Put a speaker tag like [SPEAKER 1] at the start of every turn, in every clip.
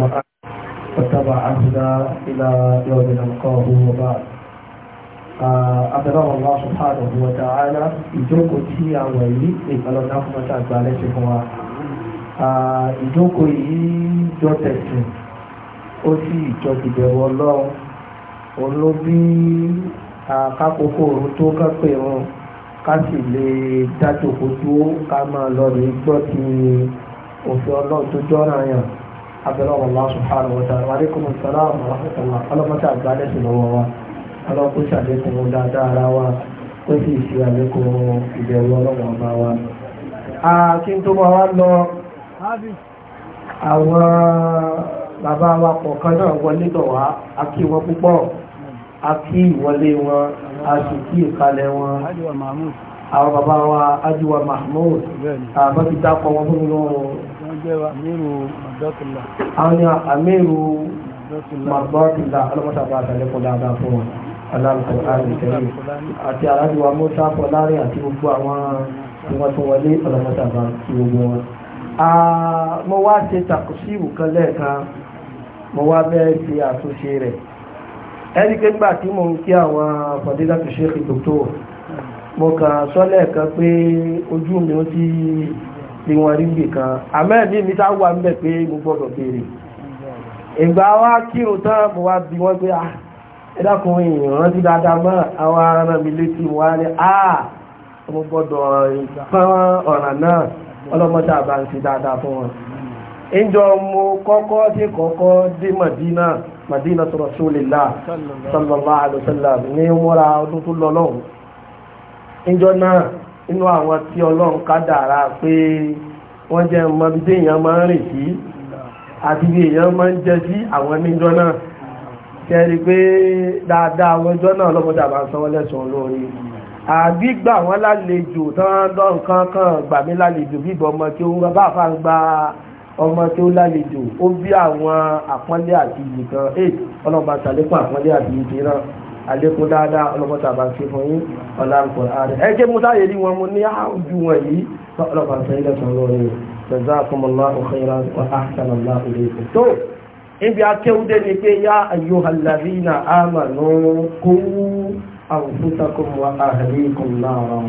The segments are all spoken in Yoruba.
[SPEAKER 1] القرآن واتبع أهدى إلى يوم نلقاه وبعد abẹ́rẹ́ Allah subhanahu wa ta'ala ìjókòó tí a wà yìí ìpàlọ́ náà fún ọjà àgbà lẹ́sẹ̀ fún wa ìjókòó yìí jọ tẹ̀sìn ó sì jọ ìbẹ̀rù ọlọ́run òun ló bí kákòókò òun tó kápẹ́ wọn ká sì lè dájòkó dúró ká máa lọ rí gbọ́ ti òfin ọlọ́run tó jọ́ra yàn abẹ́rẹ́ Allah subhanahu wa ta'ala aleykum salaam wa rahmatulah ọlọ́mọta àgbálẹ̀ sí lọ́wọ́ wa ọlọ́kùn ṣàlékún dáadáa ara wa ó sì ṣe àlékún ìbẹ̀rù ọlọ́wọ́ ọba wa. kí n tó máa wá lọ àwọn bàbá wa kọ̀ọ̀kan náà wọlé tọ̀ wá a kí wọn púpọ̀ a kí ìwọlé wọn a sì kí ìkalẹ̀ wọn àwọn bàbá wa ajiwa mahmood àbọ̀tí dákọ̀ wọn fún mi lọ́wọ́ ẹgbẹ́ wa amíru mọ̀dọ́tìlá. àwọn ni amíru mọ̀dọ́tìlá ọlọ́mọṣàbá àtàlẹ́kọ̀ dáadáa fún wọn aláàbò àrùntẹ́rì àti aláàbò amóṣà fọlárin àti gbogbo àwọn tí wọ́n tún wọlé ọlọ́mọṣàbá ti gbogbo wọn. mo wá ṣe tàkùsíwù kan lẹ́ẹ̀kan mo wá bẹ́ẹ̀ ṣe àtúnṣe rẹ̀ ẹni pé gbà tí mo ń kí àwọn fọ̀dílà tó ṣe é mo kàn sọ́lẹ̀ kan pé ti tí wọ́n rí bì kan àmẹ́ẹ̀dì mi tá wà níbẹ̀ pé mo gbọ́dọ̀ béèrè ìgbà wa kírun tán mo wá bí wọ́n pé ah, ẹ dákun ìrántí dáadáa mọ́ àwọn ará mi létí wọ́n á ní àà ah, mo gbọ́dọ̀ fán ọ̀ràn náà ọlọ́mọdé àbá ń ṣe dáadáa fún wọn ìjọ mo kọ́kọ́ sí kọ́kọ́ inú àwọn tí ọlọ́run ká dára pé wọ́n jẹ́ mọ́bí tí èèyàn máa ń rìn sí àti bí èèyàn máa ń jẹ sí àwọn níjọ́ náà kẹrí pé dáadáa àwọn ọjọ́ náà lọ́mọdé àbá sanwó lẹ́sàn-án lórí àgbígbà wọn lálejò tán lọ́nkan kan àlékún dáadáa ọlọ́pọ̀tà bá fi fún yín ọ̀la nǹkan ààrẹ ẹ jẹ́ musa yẹ̀rí wọn mo ní àjù wọn yìí ọlọ́pàá sẹ́yìn lẹ́sàn-án lọ́rùn yìí jazakumullahu khairan wa ahsana Allahu ilaykum tó ibi akéwúdé ni pé yá ayyuhallazina amanu qu anfusakum wa ahlikum nara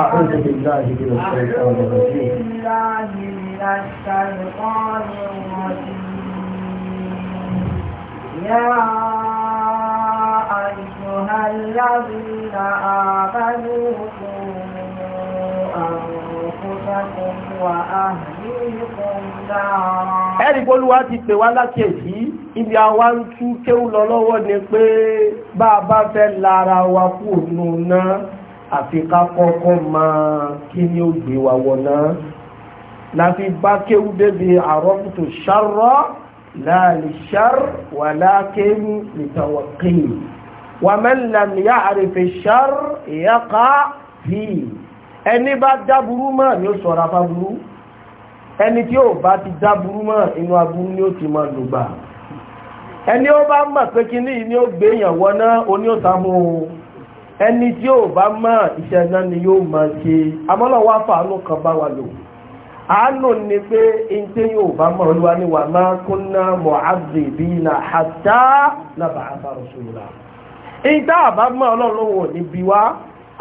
[SPEAKER 2] أعوذ بالله من الشيطان الرجيم يا أيها الذين آمنوا أنفسكم وأهليكم نارا
[SPEAKER 1] ẹ̀rí gbólúwá ti pè wá lákèsí ibi àwa ń tú kéwù lọ lọ́wọ́ ni pé bá a bá fẹ́ lára wa kú òun náà àfi kọ́kọ́ máa kí ni ó gbé wa wọ̀ náà láti bá kéwù débi àrọ́kùtù ṣàrọ́ láàlì ṣàr wàlákẹ́yìn ìtàwọ̀kẹ́yìn. ومن لم يعرف الشر يقع فيه ẹni bá dáburú mọ́ ni ó ṣọ́ra fáburú ẹni tí ó bá ti dáburú mọ́ inú aburú ni ó ti máa lùgbà ẹni ó bá mọ̀ pé kí ní ni ó gbé èèyàn wọná oní òsàmù ẹni tí ó bá mọ̀ iṣẹ́ náà ni yóò máa ṣe amọ́lọ́wọ́ àfàánú kan bá wà lò àánú ni pé ẹ̀ńtẹ́ yóò bá mọ̀ olúwa ni wà máa kúnná mu'azzibina hatta nab'atha rasula ìta àbámọ́ ọlọ́lọ́wọ̀ níbi wá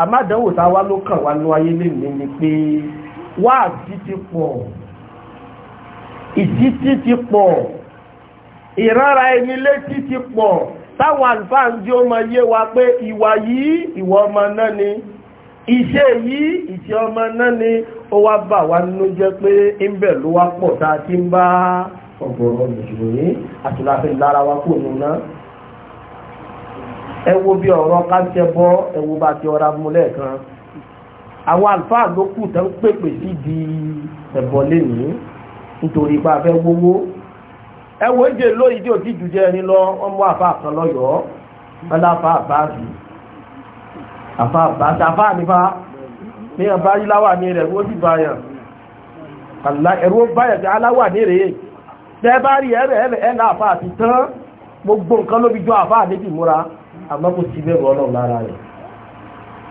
[SPEAKER 1] àmádánwò tá wá ló kàn wá ní ayé lè ni pé wá àtítí pọ̀ ìtítí ti pọ̀ ìrára ẹni létí ti pọ̀ táwọn àlùfáà ń ó mọ yé wa pé ìwà yìí ìwà ọmọ náà ni iṣẹ́ yìí ìṣẹ́ ọmọ náà ni ó wá bà wá nínú jẹ́ pé ń bẹ̀ ló wá pọ̀ tá a ti ń bá ọ̀gọ̀rọ̀ mùsùlùmí àtúnláfẹ́ lára wa kò nù náà ẹ wo bí ọ̀rọ̀ ká ṣe bọ́ ẹ bá ti ọ̀rá mu lẹ́ẹ̀kan àwọn àlùfáà ló kù tó ń pèpè sí di ẹ̀bọ̀ lẹ́nu nítorí pé a fẹ́ wówó ẹ wo oúnjẹ lóyìí tí ò ti jù jẹ ẹni lọ wọn mú àfa kan lọ́yọ̀ọ́ wọn láfa àbáàsì àfa àbáàsì àfa nípa ní ọba aláwà ní rẹ̀ ó sì báyàn ẹ̀rọ báyàn tí aláwà ní rẹ̀ tẹ́ bá rí ẹ̀rẹ̀ ẹ̀rẹ̀ ẹ̀lá àfa àti tán gbogbo nǹkan ló fi jọ àfa àdébì múra àmọ́ kò sí bẹ́ẹ̀ rọ́ọ̀lọ́ lára rẹ̀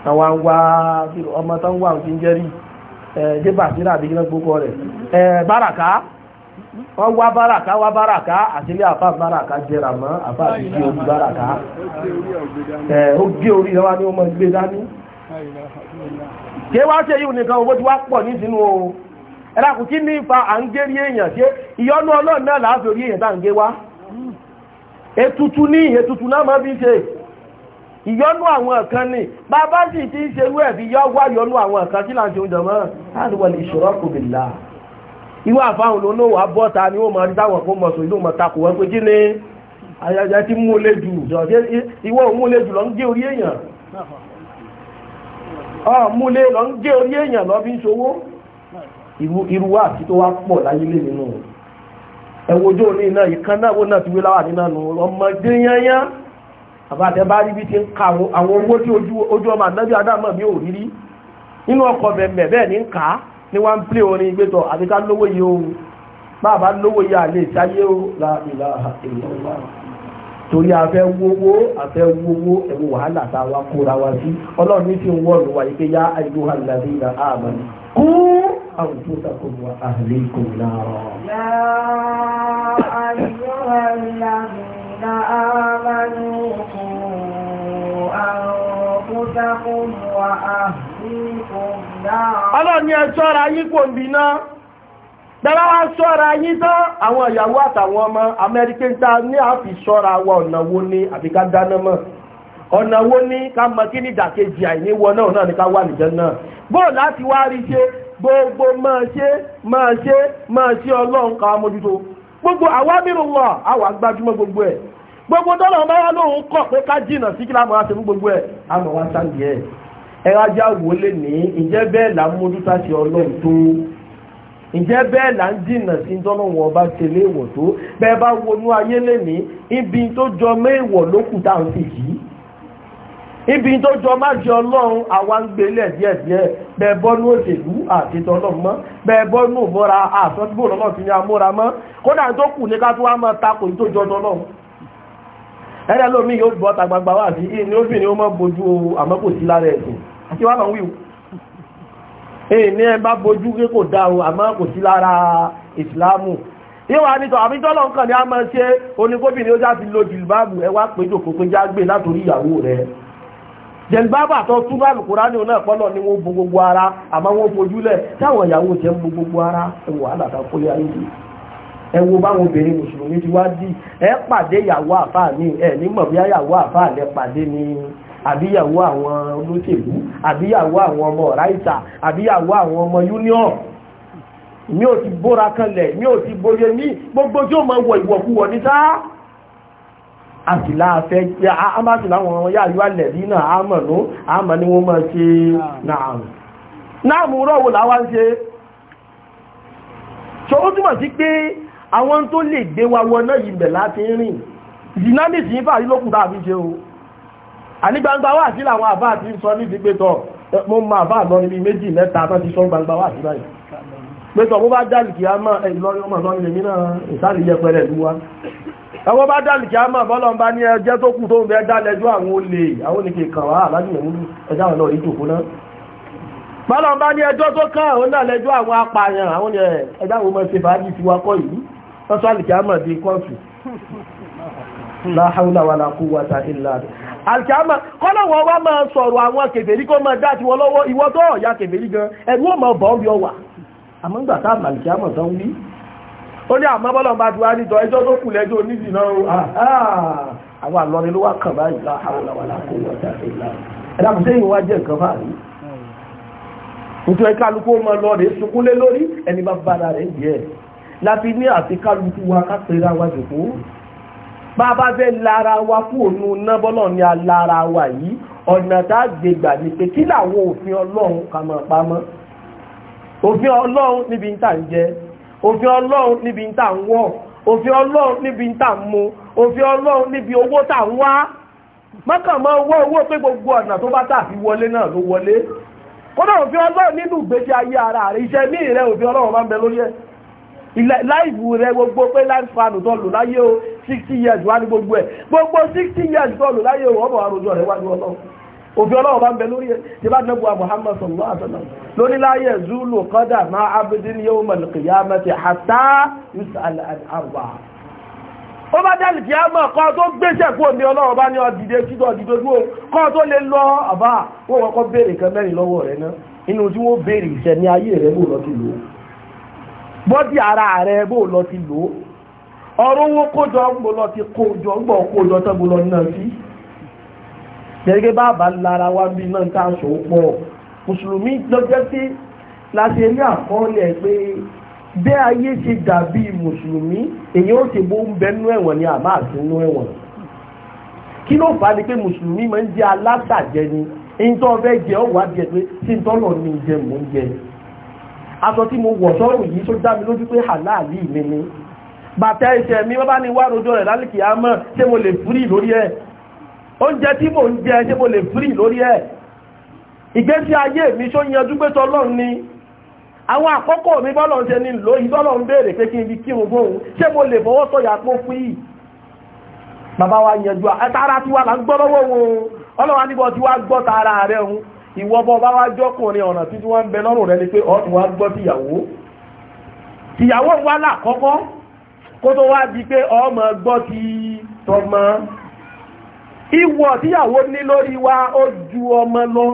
[SPEAKER 1] àwọn nwa ọmọ tó ń wà ní jẹ́rì débà sí náà àbíkí gbogbo rẹ̀ báràká wọ́n wá báràká wá báràká àtìlé àfà báràká mọ́ àfà àti orí báràká ó gbé orí ní ọmọ gbé dání nìkan owó tí wá pọ̀ ní sínú o kí ní à ń gé rí orí èèyàn ìyọnú àwọn kan ni bàbá sì ti ń ṣerú ẹ̀bí yọ wá yọnú àwọn kan tí láti oúnjẹ mọ́ àdúwọ̀lì ìṣòro kò bè là irú àfáhùn ló ló wà bọ́ta ni ó mọ̀ rí táwọn kó mọ̀ sọ ìlú mọ̀ takò wọn pé kí ni ayẹyẹ ti mú lé jù ìwọ mú lé jù lọ ń gé orí èèyàn mú lé lọ ń gé orí èèyàn lọ fi ń ṣòwò irú wà tí tó wá pọ̀ láyé lè nínú ẹwọ́jọ́ ní iná ìkan náà wọ́n náà ti wé láwà nínú ọmọdé yányán àbáàtẹ́ bá rí bí ti ń ka àwọn owó tí ojú ọmọ ànábì adámọ̀ mi ò rírí nínú ọkọ̀ bẹ̀m̀bẹ̀ bẹ́ẹ̀ ní ń kà á ní wọ́n ń plé orin ìgbétọ̀ àti ká lówó yìí ohun bàbá lówó yìí àlè ìsáyé ó la ìlà ìlọ́wà torí afẹ́ wówó afẹ́ wówó ẹ̀wọ̀ wàhálà tá a wá kóra wa sí ọlọ́run ní ti ń wọ́ọ̀lù wa pé yá àìlú àlàdé ìlà kú Ọlọ́ni ẹ ṣọ́ra yín kò ń bí náà. Bẹ́lá wá ṣọ́ra yín tán àwọn ìyàwó àtàwọn ọmọ Amẹ́ríkẹ́ta ní àfi ṣọ́ra wa ọ̀nà wo ni àbí ká dáná ni ká mọ kí ní ìdàkejì àìníwọ náà náà ni ká wà nìjọ náà. Bóò láti wá rí ṣe gbogbo máa ṣe máa ṣe máa ṣe ọlọ́run ká gbogbo tọ́lọ̀ ọmọ wá lóhun kọ̀ pé ká jìnà sí kí gbogbo ẹ̀ wá sáàdì ẹ̀ wo lè ní ìjẹ́ bẹ́ẹ̀ là ń ọlọ́run tó ǹjẹ́ bẹ́ẹ̀ là ń jìnà sí tọ́lọ̀ ọba ṣe tó bẹ́ẹ̀ lè ní ibi tó jọ méèwọ̀ sì ibi tó jọ má jẹ ọlọ́run àwa ń díẹ̀díẹ̀ bẹ́ẹ̀ bọ́nú òṣèlú àti mọ́ bẹ́ẹ̀ bọ́nú òmọ́ra àtọ́síbò amóra mọ́ kódà tó kù ní ká tó wá jọ ẹ̀rẹ́ lómi yóò bọ́ tagbagba wà sí ní obìnrin ó mọ́ bojú àmọ́ kò sí lára ẹ̀sìn àti wà lọ wíwù èyí ní ẹ bá bojú pé kò dá o àmọ́ kò sí lára ìsìláàmù yíwa nítọ̀ àbíjọ́lọ̀ nǹkan ni a máa ṣe oníkóbìnrin ó jáde lo jìlbáàbù ẹwà péjò kò pé jágbé látòrí ìyàwó rẹ̀ jẹ̀lbáàbù àtọ́ túbà lùkúrá ní ọ̀nà ìpọ́lọ̀ ni wọ́n bo gbogbo ara àmọ́ wọ́n fojúlẹ̀ táwọn ìyàwó jẹ́ gbogbo ara ẹwà àdàkà kólé ayé yìí ẹ wo báwọn obìnrin mùsùlùmí ti wá dì ẹ pàdé ìyàwó àfáà ní ẹ nímọ̀ bí ìyàwó àfáà lẹ pàdé ní àbíyàwó àwọn olóṣèlú àbíyàwó àwọn ọmọ ráìtà àbíyàwó àwọn ọmọ union mi ò ti bóra kanlẹ̀ mi ò ti bóye ní gbogbo tí ó mọ wọ ìwọ̀kuwọ̀ ní sáà àtìlá afẹ́ pé a máa sì ọmọ yáà yíwá lẹ̀dí náà a mọ̀ ló a mọ̀ máa ṣe náàmù náàmù rọ̀wò láwá ń ṣe so ó túmọ̀ sí pé àwọn tó lè gbé wa wọn yìí bẹ̀ láti rìn dynamics yìí fàárí lókùn tá a fi ṣe o àní gbangba wà sí làwọn àbá àti sọ ní ti pétọ mo ma àbá àlọ níbi méjì mẹ́ta tó ti sọ gbangba wà sí báyìí pétọ mo bá dálìkì á mọ ìlọrin ọmọ ìlọrin lèmi náà ìsáàlì yẹpẹrẹ ìlú wa ẹwọ́ bá dálìkì á mọ bọ́lọ́n bá ní ẹjẹ́ tó kù tó ń bẹ dálẹ́jọ́ àwọn olè àwọn oníkè kàn wá aláàjì mẹ́mú ẹjá wọn náà rí jòkó náà bọ́lọ́n bá ní ẹjọ́ tó kàn ó náà àwọn apààyàn àwọn ẹjá wọn mọ̀ ṣe fàájì tiwa kọ́ yìí tọ́tọ́ alìkìámà di kọ́ọ̀tù láhàúlà wà láàkú wata ìlàdì alìkìámà kọ́lọ̀wọ̀ wá máa sọ̀rọ̀ àwọn kèfèrí kó máa dáàtí wọ́n lọ́wọ́ ìwọ́ tó ọ̀yá kèfèrí gan ẹ̀rú ọmọ bọ́ọ̀ bí ọwà àmọ́gbàtà alìkìámà tán wí ó ní àmọ́ bọ́lọ̀ bá duwá nítọ́ ẹjọ́ tó kù lẹ́jọ́ onídìí náà ah, ah. àwọn àlọ́rin ló wá kàn báyìí láhàúlà wà láàkú wata ìlàdì ẹ̀dàkùn nítorí kálukú ọmọ lọ rèé sunkúnlé lórí ẹni bá bára rẹ̀ yẹ láti ní àti kálukú wa kápẹ́ra wa jòkó bá bá fẹ́ lára wa fún òun náà bọ́lọ̀ ní alára wa yìí ọ̀nà tá a gbé gbà ní pé kí làwọn òfin ọlọ́run kà máa pamọ́ òfin ọlọ́run níbi ń tà ń jẹ òfin ọlọ́run níbi ń tà ń wọ̀ òfin ọlọ́run níbi ń tà ń mu òfin ọlọ́run níbi owó tà ń wá mọ́kànmọ́ owó owó pé gbogbo ọ̀nà tó bá tà fi wọlé náà ló wọlé kódà òfin ọlọ́run láìfù rẹ gbogbo pé láìfàánù tó lò láyé o 60 years wá ní gbogbo ẹ̀ gbogbo 60 years tó lò láyé o ọmọ àròjọ rẹ̀ wá ní ọlọ́run òfin ọlọ́run bá ń bẹ lórí ẹ̀ tí bá nẹ́bùwà Muhammad sallallahu alaihi wasallam lórí láyé zulu kọ́dà máa abidin yawmal qiyamati hatta yus'al an arba ó bá dá lìkì àmọ́ kọ́ tó gbéṣẹ̀ kó ní ọlọ́run bá ní ọdìdẹ títọ́ ọdìdẹ dúró kọ́ tó lè lọ àbá wọ́n kọ́kọ́ béèrè kan mẹ́rin lọ́wọ́ rẹ̀ náà inú tí wọ́n béèrè ìṣẹ́ ní ayé rẹ̀ lò lọ́kìlú bọ́dí ara rẹ̀ bó lọ ti lò ó ọ̀rọ̀ owó kójọ gbò lọ ti kójọ gbọ̀ kójọ tó gbò lọ náà sí gẹ́gẹ́ bá bá lára wá bí náà tá aṣọ pọ̀ mùsùlùmí lọ́jọ́ sí láti ní àkọọ́lẹ̀ pé bẹ́ẹ̀ ayé ṣe dàbí mùsùlùmí èyí ó ti bó ń bẹnú ẹ̀wọ̀n ni àmà àtúnú ẹ̀wọ̀n kí ló fà á pé mùsùlùmí máa ń jẹ́ alásàjẹ ni ìtọ́ fẹ́ jẹ́ ọ̀wá jẹ pé tí ìtọ́lọ̀ ní ìjẹ mò ń jẹ ni aṣọ tí mo wọ̀ sọ́rùn yìí tó dá mi lójú pé hàláàlì mi ni bàtà ẹsẹ̀ mi wọ́n bá ní wá rojọ́ rẹ̀ lálìkì àmọ́ ṣé mo lè fúrì lórí ẹ̀ oúnjẹ tí mo ń jẹ ṣé mo lè fúrì lórí ẹ̀ ìgbésí ayé mi ṣó yanjú pé tọlọ́run ni àwọn àkọ́kọ́ mi bọ́lọ̀ ṣe ní lò ìtọ́lọ̀ ń béèrè pé kí n bí kírun bóhun ṣé mo lè fọwọ́ sọ̀yà pó fún yìí bàbá wa yanjú àtàrà tí wà là ń gbọ́ lọ́wọ́ wọn ọlọ́wà níbọ̀ tí wà gbọ́ tààrà rẹ̀ hun ìwọ́bọ̀ bá wá jọ́kùnrin ọ̀nà títí wọ́n ń bẹ lọ́rùn rẹ ni pé ọ́ wá gbọ́ tìyàwó tìyàwó wá lákọ́kọ́ kó tó wá di pé ọmọ gbọ́ ti tọmọ ìwọ̀ tíyàwó ní lórí wa ó ju ọmọ lọ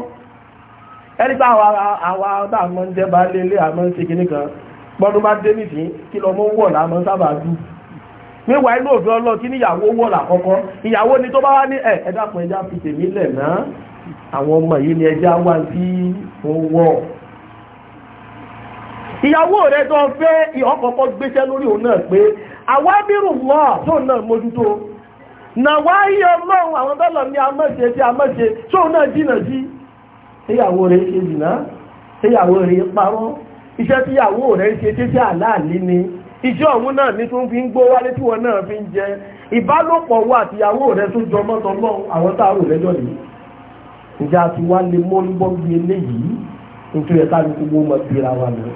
[SPEAKER 1] ẹni pé àwa àwa ọ̀dà àmọ́ ń jẹba lélé àmọ́ ń ṣe kinní kan gbọ́dún bá dé nìsín kí lọ mọ́ ni tó bá wá ní ẹ̀ ẹ̀dàpọ̀ àwọn ọmọ yìí ni ẹja wá sí owó ìyàwó rẹ̀ tó fẹ́ ìhọ́kọ̀ọ́kọ́ gbéṣẹ́ lórí òun náà pé àwa bírù lọ tó náà mójútó nà wá yí ọlọ́run àwọn tọ́lọ̀ ní amọ́ṣe tí amọ́ṣe tó náà jìnà sí ìyàwó rẹ̀ ṣe jìnà ìyàwó rẹ̀ parọ́ iṣẹ́ tí ìyàwó rẹ̀ ṣe tí tí àláàlí ni iṣẹ́ ọ̀hún náà ní tó ń fi ń gbó wálé tí wọn náà fi ń jẹ ìbálòpọ̀ wà àtìyàwó rẹ̀ tó jọmọ́tọ́ lọ́wọ́ àwọn táàrù rẹ̀ jọ nìyí ǹjẹ́ a ti wá lè mọ́ ní bọ́m̀bì eléyìí nítorí ẹ̀ka ní gbogbo ọmọ ìbíra wa lọ.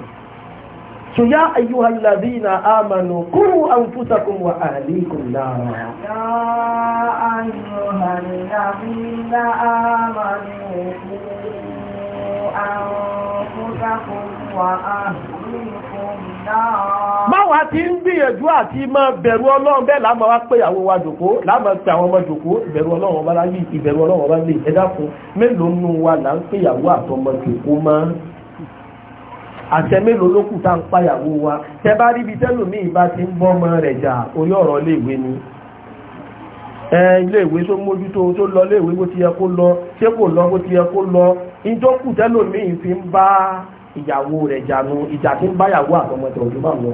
[SPEAKER 1] so ya ayyuha alladhina amanu qu anfusakum wa ahlikum nara. ya ayyuha
[SPEAKER 2] alladhina amanu qu anfusakum wa ahlikum nara
[SPEAKER 1] bá ti ń gbìyànjú àti máa bẹ̀rù ọlọ́run bẹ́ẹ̀ láàmà wá pé àwọn wa jòkó láàmà pé àwọn ọmọ jòkó ìbẹ̀rù ọlọ́run ọba láyé ìbẹ̀rù ọlọ́run ọba lè ẹ dákun mélòó nù wa là ń pè yàwó àtọmọ jòkó mọ́ àṣẹ mélòó ló kù tá ń pàyàwó wa tẹ bá rí ibi tẹ́lòmí ìbá ti ń bọ́ ọmọ rẹ̀ jà orí ọ̀rọ̀ iléèwé ni iléèwé tó mójútó tó lọ iléèwé bó ti yẹ kó lọ ṣé kò lọ bó ti yẹ kó lọ ìjọkù tẹlòmíín fi ń bá ìyàwó rẹ̀ jànú ìjà tí ń bá ìyàwó àtọmọ tẹ òjò máa lọ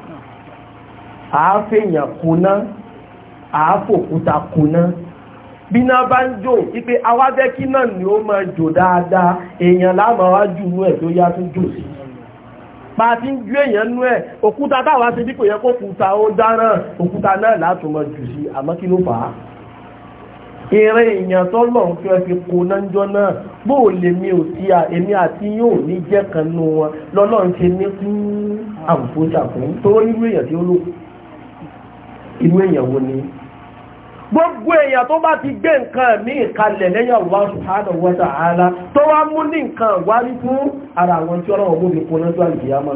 [SPEAKER 1] àáfẹ̀yàn kuná àáfòkúta kuná bí náà bá ń jò wípé awábẹ́kí náà ni ó máa jò dáadáa èèyàn láàmà wá jù nú ẹ̀ tó yá tún jò sí bá ti ń jú èèyàn nú ẹ̀ òkúta táwa ṣe bí kò yẹ kó kúta ó dáràn òkúta náà látò máa jù sí àmọ́ kí ló fà á eré èèyàn tó lọ ń fẹ́ fi kó nájọ́ náà bó o lè mi ò sí èmi àti yóò ní jẹ́ kan nú wọn lọ́lọ́run ṣe ní fún àbùkù ṣàkóńtó nínú èèyàn tí ó lókun irú èèyàn wo ni gbogbo èèyàn tó bá ti gbé nǹkan mí ìkalẹ̀ lẹ́yìn Allah subhanahu wa tó wá mú ní nǹkan wárí fún ara àwọn tí ọlọ́run mú fi kóná tó àlùkìyàmọ̀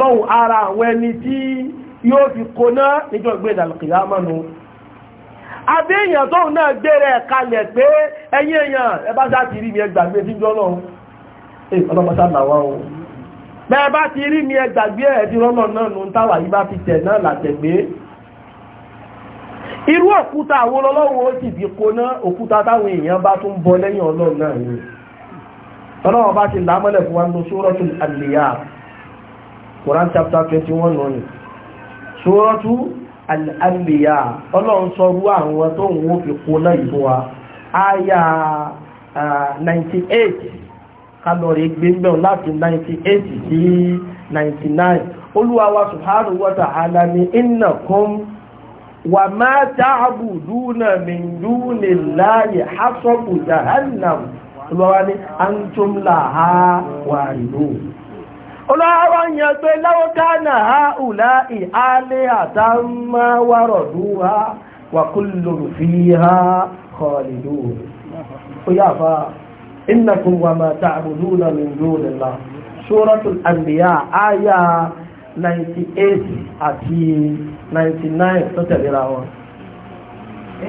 [SPEAKER 1] nù ara àwọn ẹni tí yóò fi kóná níjọ ìgbé ìdàlùkìyàmọ̀ nù àbí èèyàn tó náà gbére kalẹ̀ pé ẹ̀yin èèyàn ẹ sá ti rí mi ẹgbàgbé bẹ́ẹ̀ bá ti rí mi ẹgbàgbé ẹ̀ẹ́dì rọ́nà náà nù táwà yí bá ti tẹ̀ náà làtẹ̀gbé irú òkúta àwọn ọlọ́wọ́ ó sì bí kóná òkúta táwọn èèyàn bá tún bọ lẹ́yìn ọlọ́run náà Quran chapter 21 lónìí ṣúrọ́tù àlìyà ọlọ́run sọrú àwọn tó ń wó fi kóná ìfún wa 98 kálọ̀rì gbé ń bẹ̀rún láti 98 sí 99 olúwa wa subhanahu wa ta'ala ni innakum wa ma ta'buduna min dunillahi hasabu jahannam olúwa ni antum laha waridun olúwa yẹn pé law kana ha'ula'i alihatan ma waraduha wa kullun fiha khalidun ó yà innakum wa ma ta'buduna min dunillah suratul anbiya aya 98 àti 99 tó tẹ̀léra wọn.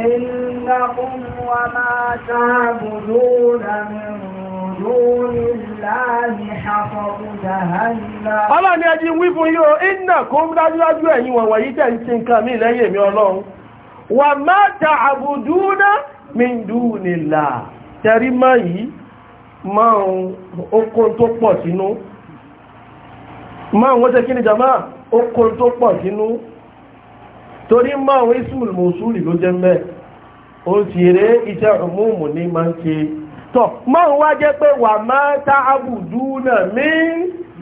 [SPEAKER 2] innakum wa ma ta'buduna min dunillahi hasabu jahannam.
[SPEAKER 1] ọlọ́ni ẹjí wí fún yóò innakum dájúdájú ẹ̀yin wọ̀nyí tẹ̀ ń ṣe nǹkan mí lẹ́yìn mi ọlọ́run wa ma ta'buduna min dunillah tẹ̀rí mọ́ yìí márùn-ún okun tó pọ̀ sínú márùn-ún wọ́n tẹ́ kí ni jama okun tó pọ̀ sínú torí márùn-ún ismul mosuli ló jẹ́ mẹ́ o sì rẹ̀ iṣẹ́ ọmọ ní máa ń ṣe tọ́ márùn-ún wá jẹ́ pé wà máa tá àbùdú náà mí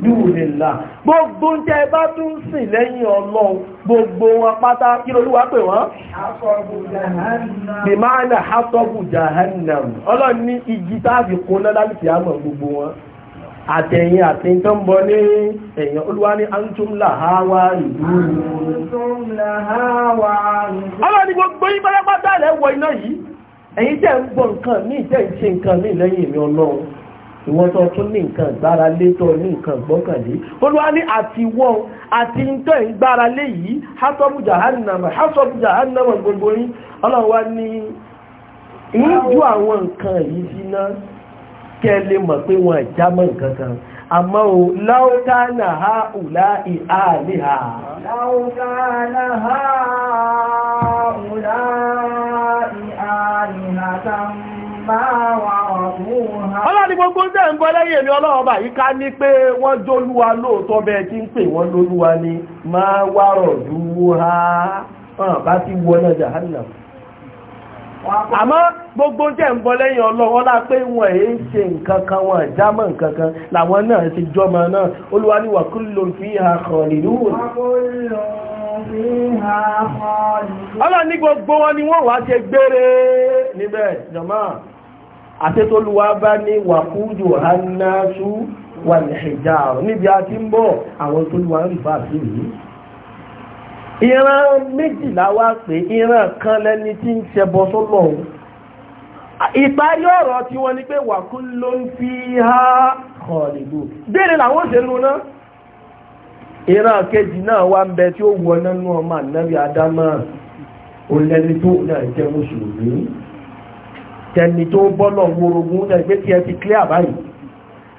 [SPEAKER 1] dúnilá gbogbo ń tẹ́ bá tún sìn lẹ́yìn ọlọ́run gbogbo wọn pátá kí lolúwa pè wọ́n bí máa nà hátọ́bù jahannam ọlọ́run ní igi táàbì kó lọ́lá ti àmọ̀ gbogbo wọn àtẹ̀yìn àti tó ń bọ ní èèyàn olúwa ní antúmlà hawa ìlú ọlọ́run ní gbogbo yí pẹ́lẹ́pátá lẹ́wọ̀ iná yìí ẹ̀yin tẹ́ ń gbọ́ nǹkan ní ìtẹ́ ìṣe nǹkan ní lẹ́yìn ìrìn ìwọ́n tó tún ní nǹkan gbára lé tó ní nǹkan gbọ́kànlé olúwa ní àti wọ́n àti ń tẹ́ ń gbára lé yìí hasabu jahannama hasabu jahannama gbogbo yín ọlọ́wà ní ìjú àwọn nǹkan yìí síná kẹ́ lè mọ̀ pé wọ́n já mọ́ nǹkan kan àmọ́ o láwọ́ká náà ha ùlá ìhà lè ha
[SPEAKER 2] láwọ́ká náà ha ùlá ìhà lè ha
[SPEAKER 1] Ọlá ni gbogbo jẹ́ ń bọ́ lẹ́yìn èmi ọlọ́run bá yìí ká ní pé wọ́n jólúwa lóòótọ́ bẹ́ẹ̀ tí ń pè wọ́n lólúwa ni máa wárọ̀ dúró ha ọ̀nà bá ti wọ náà jahannam. Àmọ́ gbogbo jẹ́ ń bọ́ lẹ́yìn ọlọ́run ọlá pé wọ́n èé ṣe nǹkan kan wa kullun fiha khalidun ọlọ́run ní gbogbo wọn ni wọ́n wá ṣe gbére níbẹ̀ jọmọ́ àtẹ́tọ́lúwà bá ní wàkújò hannású wà ní hijab níbi a ti ń bọ̀ àwọn tọ́lúwà ń rìfà sí yìí ìran méjìlá wá pé ìran kan lẹ́ni tí ń ṣẹbọ sọ́lọ̀ ìparí ọ̀rọ̀ tí wọ́n ní pé wàkú ló ń fi há kọ̀ọ̀lẹ̀lú bẹ́ẹ̀rẹ̀ làwọn òṣèlú náà ìran kejì náà wá ń bẹ tí ó wọ nánú ọmọ ànábì adámà olẹni tó náà jẹ́ mùsùlùmí tẹni tó bọ́lọ̀ náà pé kí ẹ ti clear àbáyìí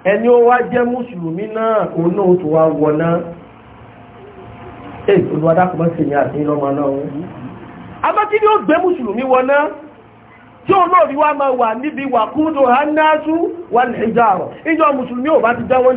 [SPEAKER 1] ẹni ó wá jẹ́ mùsùlùmí náà òun náà tó wá wọ náà èyí olùwádákùnmọ́ ni àti náà abá tí ni ó gbé mùsùlùmí wọ náà tí ó lóòrí wá máa wà níbi wàkúndò hannásù ìjọ mùsùlùmí ò bá ti dáwọ́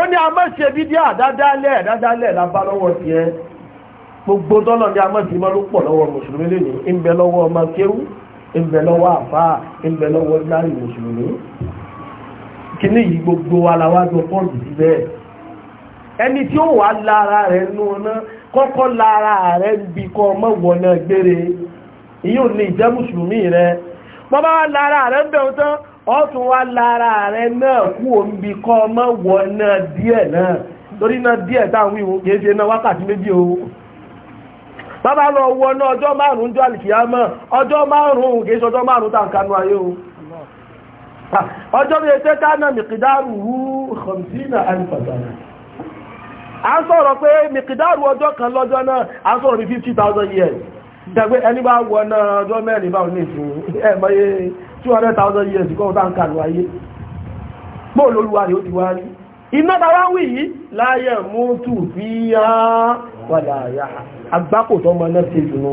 [SPEAKER 1] ó ní a mọ́ ṣe bí díà dádálẹ̀ dádálẹ̀ lábá lọ́wọ́ ti ẹ gbogbo tọ́lọ̀ ní a mọ́ sí mọ́ ló pọ̀ lọ́wọ́ mùsùlùmí lónìí ń bẹ lọ́wọ́ ọmọ kéwú ń bẹ lọ́wọ́ àfá ń bẹ lọ́wọ́ láàrin mùsùlùmí kíní yìí gbogbo aláwájọ pọ́ǹdì sí bẹ́ẹ̀ ẹni tí ó wà lára rẹ̀ nú ọ̀nà kọ́kọ́ lára rẹ̀ bí kọ́ ọmọ wọ̀nà gbére ìyóò ní ìjẹ́ mùsùlùmí rẹ̀ bọ́bá lára rẹ̀ ń bẹ̀rù ọ wá lára rẹ náà kú òǹbi kọ ọmọ wọ náà náà torí náà díẹ táwọn ìwò kìí ṣe náà wákàtí méjì o bàbá lọ wọ náà ọjọ́ márùn-ún jọ àlìkìyàmọ́ ọjọ́ márùn-ún kìí ṣe ọjọ́ márùn-ún tàǹkanú ayé o ọjọ́ bí kánà mìkìdárù a ń sọ̀rọ̀ pé mìkìdárù ọjọ́ kan lọ́jọ́ náà a ń sọ̀rọ̀ bí 50,000 years ẹni bá wọ náà ọjọ́ mẹ́rin ní ìfún ẹ̀mọ́yé 200,000 years kọ́ ọ̀tá ń kàrù ayé bóò lólúwa rẹ̀ ó ti wá rí iná tàbá wì yìí láyẹ̀ mú tù fi á wàdà àyà agbákòtọ́ ọmọ náà ti dùnú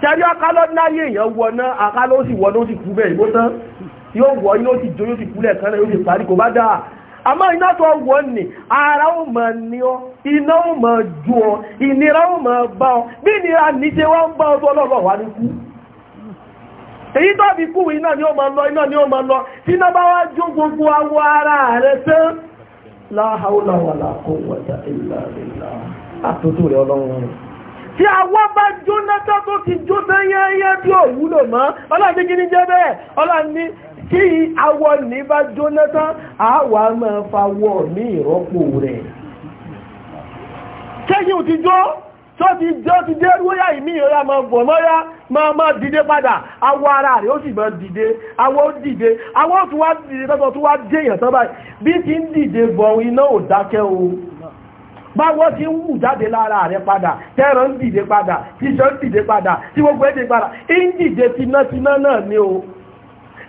[SPEAKER 1] tẹ́rí akálọ́ láyé èèyàn wọná akálọ́ sì wọná ó sì kú bẹ́ẹ̀ ìbó tán yóò wọ iná ó sì jó yóò sì kúlẹ̀ kan náà yóò sì parí kò bá dáa àmọ́ iná tó wọ́n ní ara ó mọ̀ ní ọ iná ó mọ̀ ju ọ ìnira ó mọ̀ bá ọ bí ìnira ní ṣe wọ́n ń bá ọ tó ọlọ́rọ̀ wá ní kú èyí tó fi kú iná ni ó máa lọ iná ni ó máa lọ tí náà bá wá jó gbogbo awọ ara rẹ̀ tán la hawla wala quwwata illa billah àtútù rẹ̀ ọlọ́run rẹ̀ tí àwọ́ bá jónátà tó ti jó tẹ́yẹ́yẹ́ bí ò wúlò mọ́ ọlọ́ni kí ní jẹ́ bẹ́ẹ̀ ọlọ́ni kí àwọ́ ní bá jónátà tó ti jẹ́ ti dé rúyà ìmí ìrora ma bọ̀ mọ́ra ma ma dìde padà awọ ara rẹ̀ ó sì ma dìde awọ ó dìde awọ ó tún wá dìde tọ́tọ̀ tún wá dé èèyàn tán báyìí bí ti ń dìde bọ̀ iná ò dákẹ́ o báwọ́ ti ń wù jáde lára rẹ̀ padà tẹ́ràn ń dìde padà tíṣọ́ ń dìde padà tí gbogbo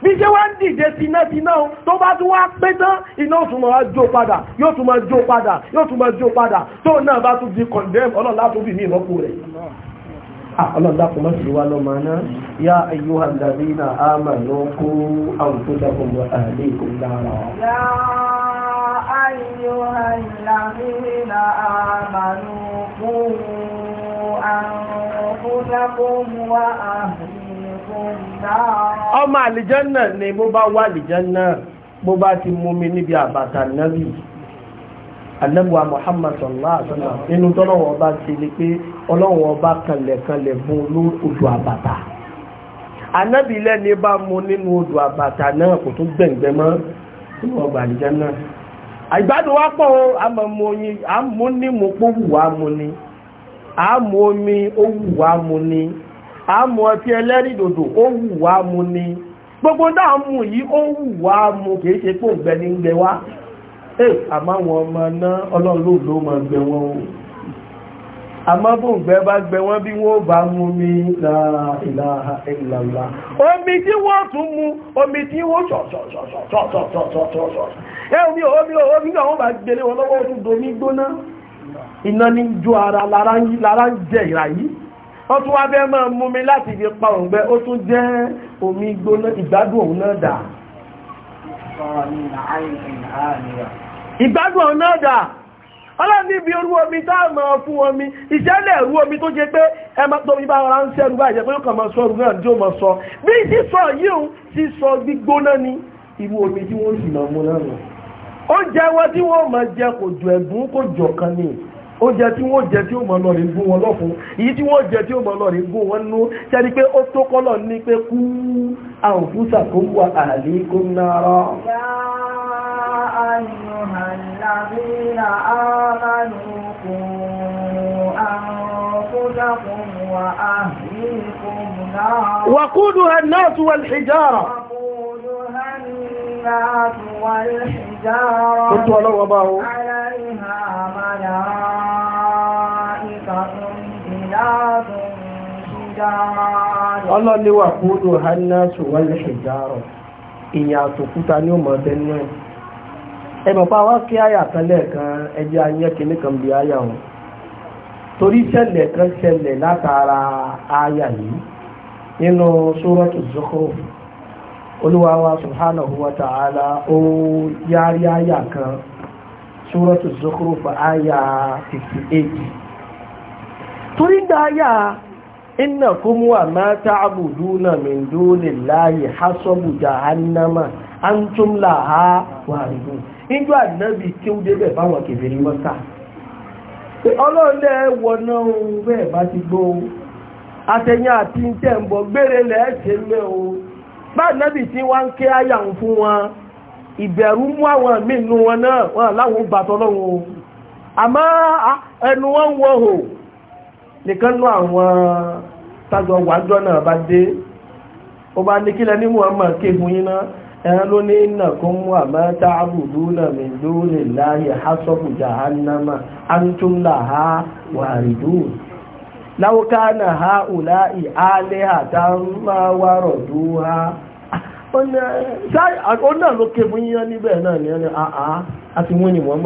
[SPEAKER 1] bí ṣe wá ń dìde tinátiná tó bá tún wá pé tán iná tún máa jó padà yóò tún máa jó padà yóò tún máa jó padà tó náà bá tún di condemn ọlọ́lá tó bì ní ìrọ́pò rẹ̀ ọlọ́dá kò mọ́sí wá lọ máa náà yá ayyúhà dàbí na àmà ló kó àwọn tó dákùn wọ àlè kò dára
[SPEAKER 2] yá ayyúhà dàbí na àmà ló kó àwọn tó dákùn wọ àlè
[SPEAKER 1] ọmọ àlìjánà ni bó bá wà àlìjánà bó bá ti mú mi níbi àbàtà náàbì anẹ́bùwà Muhammad sallallahu alaihi wasallam nínú tọ́lọ́wọ́ ọba ti lè pé ọlọ́wọ́ ọba kanlẹ̀kanlẹ̀ fún olóòdù àbàtà anẹ́bì lẹ́ni bá mú nínú odò àbàtà náà kò tún gbẹ̀ngbẹ̀ mọ́ nínú ọgbà àlìjánà àgbàdo wa pọ̀ àmọ́ ní mo pọ̀ wù wá mu ni àmọ́ omi ó wù wá mu ni a mú ọtí ẹlẹ́rìndòdò ó wù wá mu ni gbogbo dáa mú yìí ó wù wá mu kìí ṣe pò gbẹ ní gbẹ wá ee àmọ́ àwọn ọmọ náà ọlọ́run ló máa gbẹ wọn o àmọ́ bòǹgbẹ bá gbẹ wọn bí wọ́n bá mú mi la ilaha illallah omi tí wọ́n tún mu omi tí wọ́n ṣọ̀ṣọ̀ṣọ̀ṣọ̀ṣọ̀ṣọ̀ṣọ̀ṣọ̀ ẹ omi omi omi náà wọ́n bá gbélé wọn lọ́wọ́ tún domi gbóná iná ní ju ara lára ń jẹ ìrà yìí wọ́n tún wá fẹ́ máa mú mi láti fi pa òǹgbẹ ó tún jẹ́ omi gbóná ìgbádùn òun náà dà ìgbádùn òun náà dà ọlọ́ni ibi orú omi dáàmà fún omi ìṣẹ́lẹ̀ ẹ̀rú omi tó jẹ pé ẹmà tó bí bá ọ̀rá ń bá sọ bí yíò sọ gbígbóná ni ìwú omi tí wọ́n sì mú náà oúnjẹ tí wọ́n jẹ tí ó mọ̀ lọ́rin gún wọn lọ́fún èyí tí wọ́n jẹ tí ó mọ̀ lọ́rin gún wọn nú tẹ́rí pé ó tó kọ́lọ̀ ní pé kú àwòfúsà kó wà àlékún náà
[SPEAKER 2] وقودها
[SPEAKER 1] الناس والحجارة
[SPEAKER 2] وقودها الناس والحجارة قلت ولو أباه ọlọ́ni
[SPEAKER 1] wà kúrò hannasu wọlé ṣèjárọ̀ ìyà àtòkúta ní ọmọ ọdẹ náà ẹgbẹ̀pá wá kí àyà kan lẹ́ẹ̀kan ẹjẹ́ ayẹ́ kìíní kan bí àyà wọn torí ṣẹlẹ̀ kan ṣẹlẹ̀ látara àyà yìí nínú suratu Zukhruf olúwa subhanahu wa ta'ala ó yárí àyà kan suratu Zukhruf àyà 58 torí dáyà iná kó mú wà máa tá àbùdú náà mi láàyè an tún ha wà rìbù níjọ ànábì tí ó débẹ̀ báwọn kèfèrí mọ́ta ohun ti gbọ́ àti gbére lẹ́ẹ̀ṣẹ́ lẹ́ o bá nábì tí wá ń ké àyà ń fún wọn ìbẹ̀rù nìkan nú àwọn tájọ wájọ́ náà bá dé ó bá ní kílẹ̀ ní muhammad kéhun yín náà ẹran ló ní iná kó mú àmọ́ a bù ha min dunillahi hasọ́bù jahannama antum ha waridun law kana ha'ula'i alihatan ma waraduha ó náà ló kéhun yín níbẹ̀ náà ní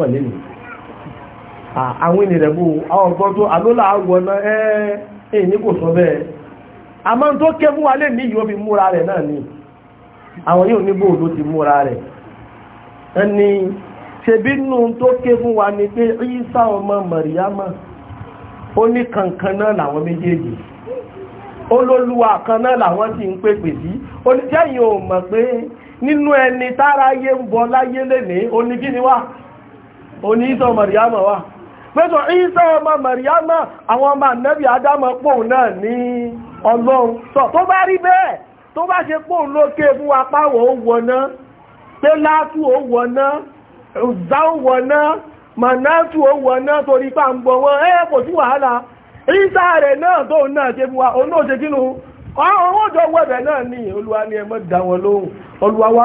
[SPEAKER 1] ẹni àwọn ènìyàn bó ọgbọ́n tó àlólà kò sọ bẹ́ẹ̀ a máa tó ké fún wa lè ní yóò fi múra rẹ̀ náà ni àwọn yíò ní bóòdó ti múra rẹ̀ ẹni tó ké fún wa ní kankan náà làwọn méjèèjì olóluwa kan náà làwọn ti ń pèpè sí ò mọ̀ pé nínú ẹni ń bọ láyé lénìí ọmọ pẹ́sọ̀ ìsá ọmọ mẹ̀ríámà àwọn ọmọ ànẹ́bì adámọ̀ pò náà ní ọlọ́run sọ tó bá rí bẹ́ẹ̀ tó bá ṣe pò lókè fún apáwọ̀ ó wọná pé látú ó wọná ọ̀zá ó wọná mànátù ó wọná torí pa wọn ẹ́ wa òun náà ṣe kínú àwọn òjò wẹ̀bẹ̀ náà ní olúwa ní ẹmọ́ dá wọn lóhùn olúwa wá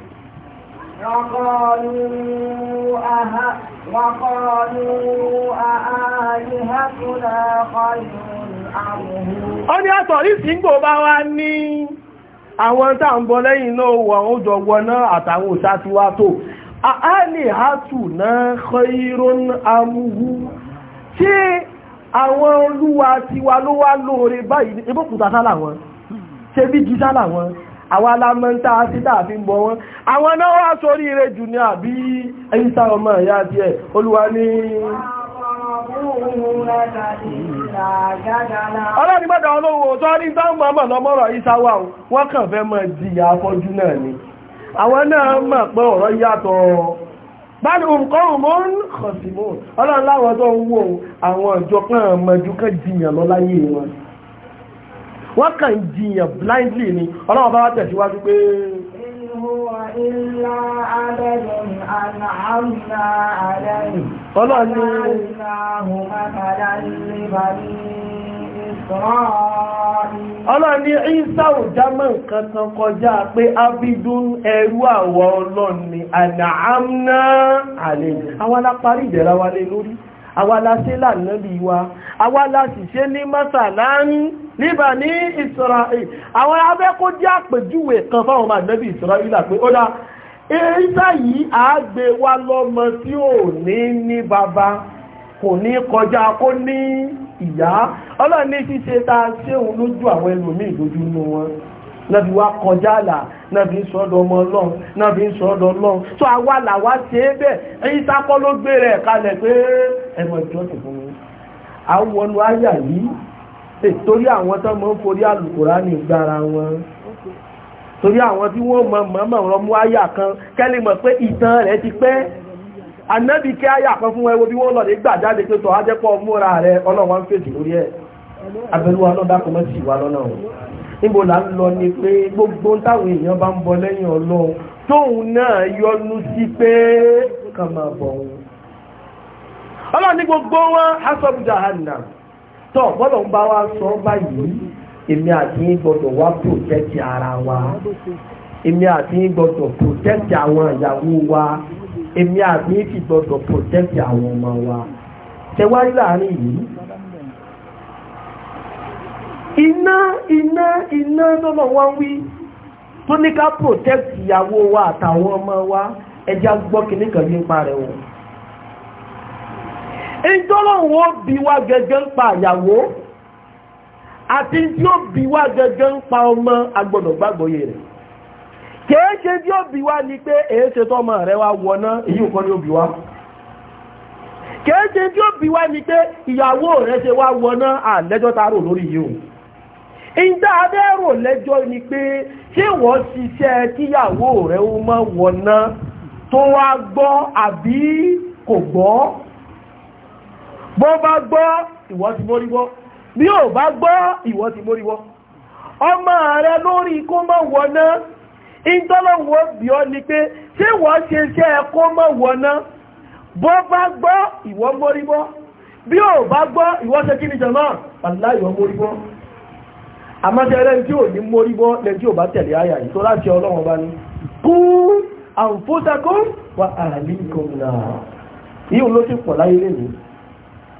[SPEAKER 2] وقالوا أها وقالوا أآلهتنا خير
[SPEAKER 1] ó ní àtọ̀rí sí gbò bá wá ní àwọn tá ń bọ lẹ́yìn náà wọ àwọn òjò wọná àtàwọn òṣà ti wá tó àálè hátù náà khairun amúhú tí àwọn olúwa tiwa ló wá lóore báyìí ebókùtà sálà wọn ṣe bí gísálà wọn àwọn alámọ́ntà títà fi ń bọ̀ wọ́n àwọn náà wá sórí ire jù ní àbí ẹ̀yíṣà ọmọ ìyá àti ẹ̀ olúwa ní ọlọ́ni gbọ́dọ̀ olówó tó ní táwọn ọmọ lọ́mọ́rọ̀ ìsáwà wọ́n kàn fẹ́ mọ́ jìyà afọ́jú náà ni àwọn náà mọ̀ pé ọ̀rọ̀ yàtọ̀ báni òǹkọ́rùn mọ́ ń kọ̀ sí mọ́ ọlọ́run láwọn tó ń wọ́n kàn jiyàn blindly ni ọlọ́wọ́ bá wá tẹ̀síwájú pé ọlọ́ni ìsá ò jámọ́ nǹkan kan kọjá pé abidun ẹrú àwọ ọlọ́ni àdáhámná àlè àwọn aláparí ìdẹ̀ra wa lé lórí àwọn alásílà náà bí wa àwọn alásìṣẹ́ ní mọ́sàlá ń níbà ní Israel àwọn abẹ́ kó jẹ́ àpèjúwe kan fáwọn ọmọ àgbẹ́bí Israel pé ó dá ìsá yìí àgbè wa lọ́mọ tí ò ní ní bàbá kò ní kọjá kó ní ìyá ọlọ́ni ṣíṣe ta ṣéhun lójú àwọn ẹlòmí ìdójú nú wọn nàbí wá kọjá àlà nàbí ń sọ́dọ̀ ọmọ ọlọ́run nàbí ń sọ́dọ̀ ọlọ́run tó àwa làwa ṣe é bẹ́ẹ̀ ìsá kọ́ ló gbé rẹ̀ kalẹ̀ pé ẹ̀mọ̀ ìjọ́sìn fún àwọn wọnú àyà yìí torí àwọn tó mọ̀ ń forí àlùkùránì gbára wọn torí àwọn tí wọ́n mọ̀ mọ̀mọ̀ rọmú àyà kan kẹ́lẹ̀ mọ̀ pé ìtàn rẹ̀ ti pẹ́ anábì kí àyà kan fún ẹwọ bí wọ́n lọ lè gbà jáde pé tọ́ ajẹ́pọ̀ múra rẹ̀ ọlọ́wọ́ ń fèsì lórí ẹ̀ abẹ́lú ọlọ́dàkùnmọ́ sì wà lọ́nà ọ̀hún níbo là ń lọ ni pé gbogbo táwọn èèyàn bá ń bọ lẹ́yìn ọlọ́run tóun náà yọnu sí pé kàn máa bọ̀ wọn ọlọ́run ní gbogbo tọ́ gbọ́dọ̀ ń bá wa sọ báyìí èmi àti yín gbọ́dọ̀ wá protect ara wa èmi àti yín gbọ́dọ̀ protect àwọn ìyàwó wa èmi àti yín sì gbọ́dọ̀ protect àwọn ọmọ wa tẹwárí láàrin yìí iná iná iná lọ́nà wá wí tó ní ká protect ìyàwó wa àtàwọn ọmọ wa ẹja gbọ́ kìnnìkan nípa rẹ̀ wọ̀n ìjọ́lọ́run ó bí wá gẹ́gẹ́ ń pa àyàwó àti tí ó bí wá gẹ́gẹ́ ń pa ọmọ agbọ́dọ̀ gbàgbọ́yé rẹ̀ kìí ṣe tí ó bí wá ní pé èé ṣe tọ́mọ rẹ̀ wá wọná èyí nǹkan ni ó bí wá tí ó bí wá ní pé ìyàwó rẹ̀ ṣe wá wọná àlẹ́jọ́ lórí yìí ìdá abẹ́rò lẹ́jọ́ ni pé ṣé wọ́n ṣiṣẹ́ kíyàwó rẹ̀ ó mọ́ wọná tó wá gbọ́ àbí kò gbọ́ bó bá gbọ́ ìwọ ti mórí wọ́ bí ò bá gbọ́ ìwọ ti mórí wọ́ ọmọ rẹ lórí kó mọ́ wọná ìtọ́lọ́wọ́ bí ọ ni pé tí wọ́n ṣe iṣẹ́ kó mọ́ wọná bó bá gbọ́ ìwọ mórí wọ́ bí ò bá gbọ́ ìwọ ṣe kí ni jọmọ́ pàlá ìwọ mórí wọ́ àmọ́ṣẹ́ rẹ̀ tí ò ní mórí wọ́ lẹ́ tí ò bá tẹ̀lé àyà yìí tó láti ọlọ́run ló ti pọ̀ láyé lẹ́yìn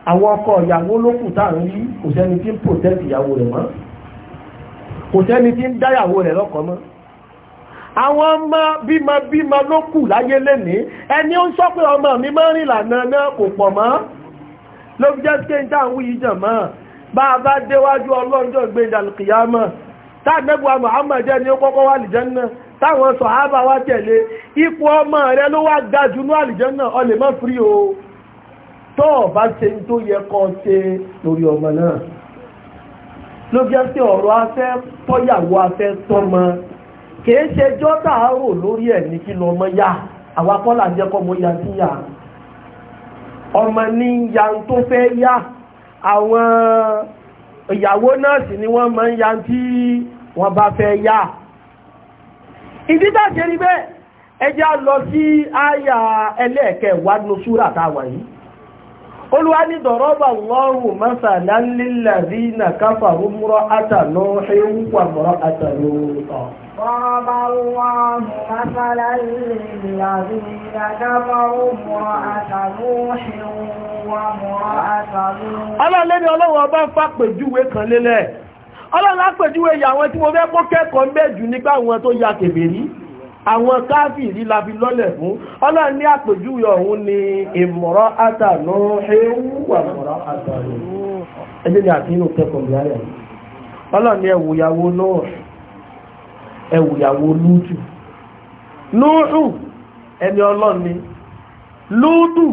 [SPEAKER 1] àwọn ọkọ ìyàwó lókù táàrin rí kò sẹ́ni tí ń protect ìyàwó rẹ̀ mọ́ kò sẹ́ni tí ń dáyàwó rẹ̀ lọ́kọ̀ mọ́ àwọn ọmọ bímọ bímọ lókù láyé lẹ́ni ẹni ó ń sọ pé ọmọ mi máa ń rìn lànà náà kò pọ̀ mọ́ ló fi jẹ́ pé ń dá àwọn yìí jàn mọ́ bá a bá déwájú ọlọ́njọ́ gbé ìdàlùkìyàmọ́ táàgbẹ́gbà Muhammad ẹni ó kọ́kọ́ wà lìjẹ́nnà táwọn sọ̀hábà wá tẹ̀lé ipò ọmọ rẹ̀ ló wá ga jù ní àlìjẹ́nnà ọlẹ̀ mọ́ fírí o tó bá ṣe tó yẹ kọ́ ṣe lórí ọmọ náà ló jẹ́ sí ọ̀rọ̀ afẹ́ tọ́yàwó afẹ́ tọ́mọ kìí ṣe jọ́tà rò lórí ẹ̀ ní kí lọ yá àwọn akọ́là jẹ́ kọ́ mọ́ sí yà ọmọ ní ya tó fẹ́ yá àwọn ìyàwó náà sì ni wọ́n máa ń ya tí wọ́n bá fẹ́ yá ìdí tá ṣe rí bẹ́ẹ̀ ẹ já lọ sí àyà ẹlẹ́ẹ̀kẹ́ wà nínú súrà táwa yìí olúwa ní dọ̀rọ́bà lọ́rùn mọ́sàlá lílà rí nà káfà múrọ́ àtànú ẹ̀wùwà múrọ́ àtànú ọ̀.
[SPEAKER 2] Dọ̀rọ́bà lọ́rùn mọ́sàlá lílà àtànú ẹ̀wùwà
[SPEAKER 1] múrọ́ bá fàpèjúwe kan lélẹ̀. Ọlọ́lá pèjúwe yà tí mo fẹ́ kó mẹ́jù nígbà àwọn tó ya kèbèrí àwọn káfìrí la fi lọ́lẹ̀ fún ọlọ́run ní àpèjúwe ọ̀hún ni ìmọ̀rọ̀ àtànú ẹwùwà mọ̀rọ̀ àtànú ẹjẹ́ ni àfihàn kẹkọ̀ọ́ ìyálẹ̀ ọlọ́run ní ẹwùyàwó náà ẹwùyàwó lútù lútù ẹni ọlọ́run ni lútù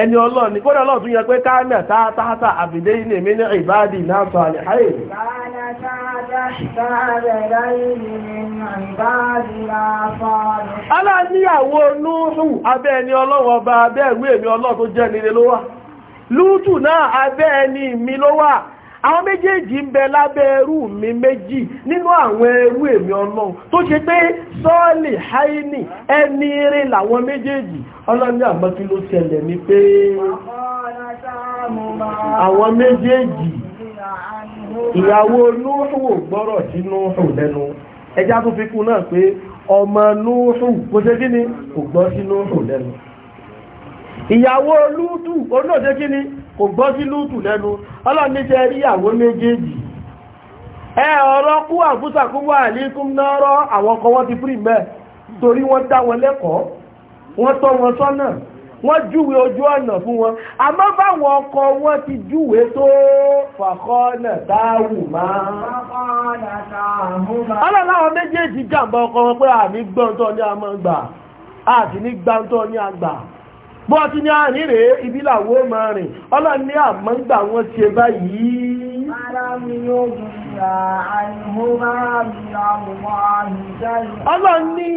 [SPEAKER 1] ẹni ọlọ́run ní kódà ọlọ́run yẹ pé káàmì àtàtàtà àbìdé ilé mi ní ìbáàdì na sọ àlẹ́ ayé. aláníyàwó ala abẹ́ ẹni abe eni abẹ́ ọba mi ọlọ́run tó jẹ́ nílé ló wà lutu náà abẹ́ ẹni mi àwọn méjèèjì ń bẹ lábẹ́ ẹrú mi méjì nínú àwọn ẹrú èmi ọlọ́run tó ṣe pé sọ́ọ̀lì haini ẹni eré làwọn méjèèjì ọlọ́run ní àmọ́ kí ló ṣẹlẹ̀ ni pé
[SPEAKER 2] àwọn méjèèjì
[SPEAKER 1] ìyàwó núhù gbọ́rọ̀ sí núhù lẹ́nu ẹjá tó fi kú náà pé ọmọ núhù kò gbọ́ sí lútù lẹ́nu ọlọ́níṣẹ́ rí àwọn méjèèjì ẹ ọ̀rọ̀ kú àfúsàkúwà àlékún náírọ́ àwọn ọkọ̀ wọn ti fúrì mẹ́ torí wọ́n dá wọn lẹ́kọ̀ọ́ wọ́n tọ́ wọn sọ́nà wọ́n júwe ojú ọ̀nà fún wọn àmọ́ báwọn ọkọ̀ wọn ti júwe tó fàkọ́nà táàwù máa ọlọ́láwọn méjèèjì jàǹbá ọkọ̀ wọn pé àmì gbọ́ntọ́ ní àmọ́ gbà àti ní bọ́ ti ní àárín rẹ̀ ìbílàwó máa rìn ọlọ́ni àmọ́ ń wọ́n ṣe báyìí ọlọ́ni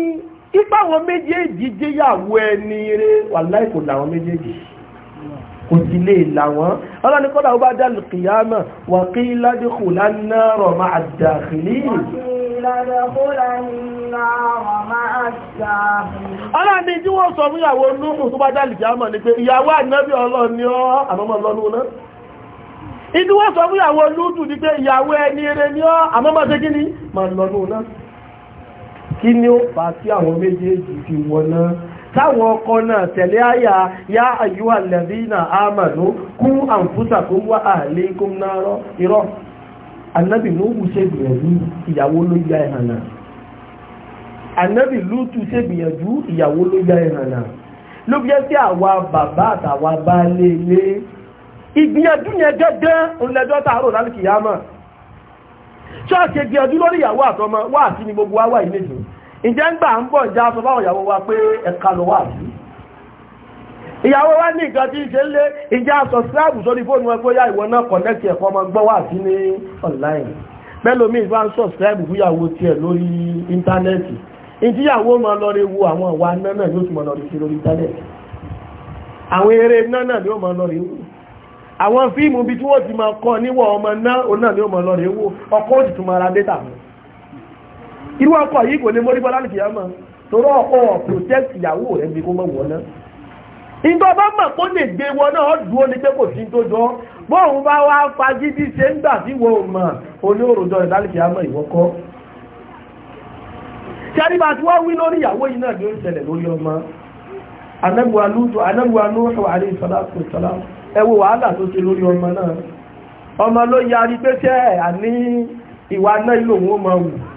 [SPEAKER 1] ipá wọn méjèèjì jẹ́yàwó ẹni rẹ wà láìkò láwọn méjèèjì kò sí lè là wọ́n ọlọ́ni kọ́dà ó bá dá lùkìyàmọ̀ wà kí ládìkù lánàárọ̀ máa dàkìlì ọlọ́ni tí wọ́n sọ fún ìyàwó núhù tó bá dá lùkìyàmọ̀ ní pé ìyàwó ànábì ọlọ́ni ọ́ àmọ́mọ́ lọ́nu kí ni ó fà sí àwọn méjèèjì fi wọ́n náà táwọn ọkọ náà tẹ̀lé àyà yá àyíwá lẹ́bínà àmàlú kú àǹfúsà tó wá àlé gómìnàrọ́ irọ́ annabi lóòwú ṣègbìyànjú ìyàwó ló yá ìhànà anábì lóòtú ṣègbìyànjú ìyàwó ló yá ìhànà ló bí ẹ́ àwa bàbá àtàwà bá ìgbìyànjú yẹn gẹ́gẹ́ tààrọ̀ lálùkìyàmọ̀ ìyàwó àtọmọ gbogbo ìjẹ́ ń gbà ń bọ̀ ìjá sọ báwọn ìyàwó wa pé ẹ̀ka lọ wà sí ìyàwó wa ní nǹkan tí ṣe lé ìjá sọ sórí fóònù ẹgbẹ́ ya ìwọ náà kọ̀nẹ́kì ẹ̀kọ́ ọmọ gbọ́ wà sí ní online mẹ́lòmí ìfà ń fúyàwó lórí íńtánẹ́ẹ̀tì wo àwọn náà mọ lórí íńtánẹ́ẹ̀tì ni àwọn ni o irú ọkọ yìí kò lè mórí bọ́lá lè fìyàmọ́ torọ́ ọkọ protect ìyàwó rẹ̀ bí kó mọ̀ wọ́n náà ìgbà bá mọ̀ kó lè gbé wọn náà dúó ní pé kò sí tó jọ bóun bá wá fagídí ṣe ń gbà sí wọn mọ̀ ìwọ́kọ́ tí wọ́n wí lórí ìyàwó yìí náà ló ń ṣẹlẹ̀ lórí ọmọ àrí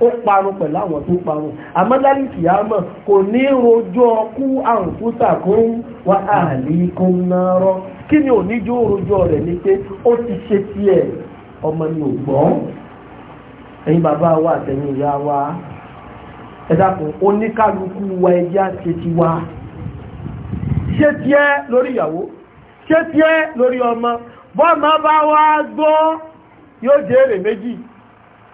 [SPEAKER 1] ó parun pẹ̀lú àwọn tó parun àmọ́dálì kìámọ̀ kò ní rojọ́ kú àrùn fúta kún wá àlè kún náà rọ kí ni oníjó rojọ́ rẹ̀ ni pé ó ti ṣe tiẹ̀ ọmọ ni ò gbọ́ ẹ̀yin bàbá wa àtẹ̀yin ìyá wa ẹ dákun oníkálukú wa ẹjẹ́ àti tiwa ṣé tiẹ̀ lórí ìyàwó ṣé tiẹ̀ lórí ọmọ bọ́ọ̀mọ́ bá wá gbọ́ yóò jẹ́ èrè méjì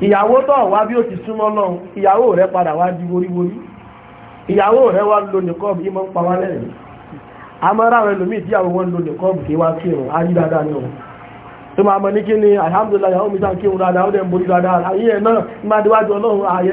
[SPEAKER 1] ìyàwó tó wá bí ó ti súnmọ́ lọ́hun ìyàwó rẹ̀ padà wá di woríworí ìyàwó rẹ̀ wá lò ní kọ́ọ̀bù ìmọ̀ ń pa wá lẹ́rìn àmọ́ra rẹ̀ lómi ìdíyàwó wọn lò ní kọ́ọ̀bù kí wá kírun ayé dáadáa ní ọ̀hún tó máa mọ̀ ní kí ni alhamdulillah yàwó mi sáà kírun dáadáa ó dẹ̀ ń borí dáadáa ayé ẹ̀ náà máa díwájú ọlọ́run ààyè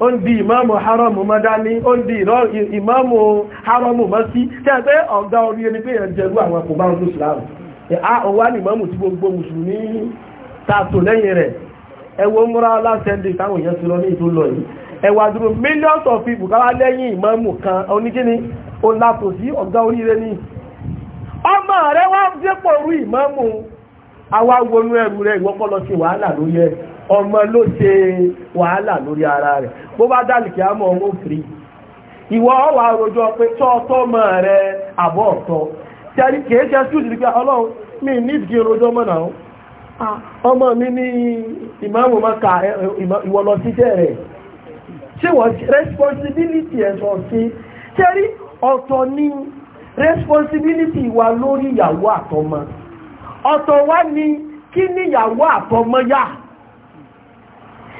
[SPEAKER 1] ó ń di ìmáàmù haramu madani ó ń di ìmáàmù haramu masi tí a pé ọ̀gá orí ẹni pé ẹ̀rẹ̀ jẹ́rú àwọn kò bá ọdún islam ọwá ní ìmáàmù tí gbogbo musulmi tààtò lẹ́yìn rẹ̀ ẹwọ múra lásẹ̀ndì táwọn èèyàn ti lọ ní ìtò lọ yìí ẹwà dúró millions of people káwá lẹ́yìn ìmáàmù kan oníkíní ó látò sí ọ̀gá orí ní ọmọ wá dépò ìmáàmù ẹrù wàhálà lórí ọmọ ló ṣe wàhálà lórí ara rẹ̀ bó bá dálìkì á mọ̀ ọmọ fìrí ìwọ ọwà àròjọ pé tọ́ọ̀tọ́ mọ̀ rẹ̀ àbọ̀ ọ̀tọ̀ tẹ́rí kìí ṣe ṣúùsì rí pé ọlọ́run mi ní ìdíkì rojọ́ mọ̀ náà ah. ọmọ mi ní ìmáàmù maka ìwọ lọ rẹ̀ wọ́n responsibility sí ọ̀tọ̀ ní responsibility wa lórí ìyàwó àtọmọ ọ̀tọ̀ wa ní kí àtọmọ yá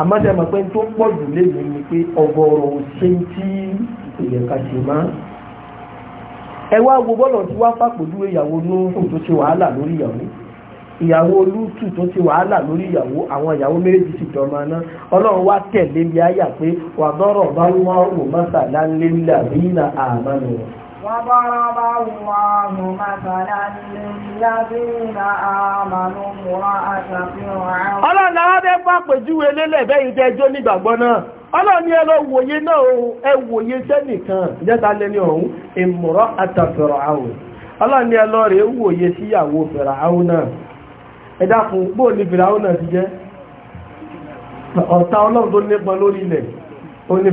[SPEAKER 1] àmọ́dẹ́mọ̀ pé tó pọ̀ jù lẹ́yìn ni pé ọgọ́rọ̀ òṣè tí ìpìlẹ̀ kà sí máa ẹ wá wo bọ́lọ̀ tí wá fàpòjú ìyàwó lóòrùn tó ṣe wàhálà lórí ìyàwó ìyàwó olútù tó ṣe wàhálà lórí ìyàwó àwọn ìyàwó méjì sì jọ máa ná ọlọ́run wá tẹ̀lé bí áyà pé wàdọ́rọ̀ bá wọ́n wò mọ́sàlá ńlẹ́ńlá bí nà àmánù wọn
[SPEAKER 2] وضرب الله مثلا للذين آمنوا امرأة فرعون ama
[SPEAKER 1] láwọn bẹ́ bá pèjúwe lélẹ̀ bẹ́yìn tẹ́ jó nígbàgbọ́ náà. Ọlọ́run ni ẹlọ wòye náà ẹ wòye sẹ́nìkan jẹ́ta lẹ́ni ọ̀hún, ti jẹ́? Ọlọ́run tó nípa lórí ilẹ̀, ó ní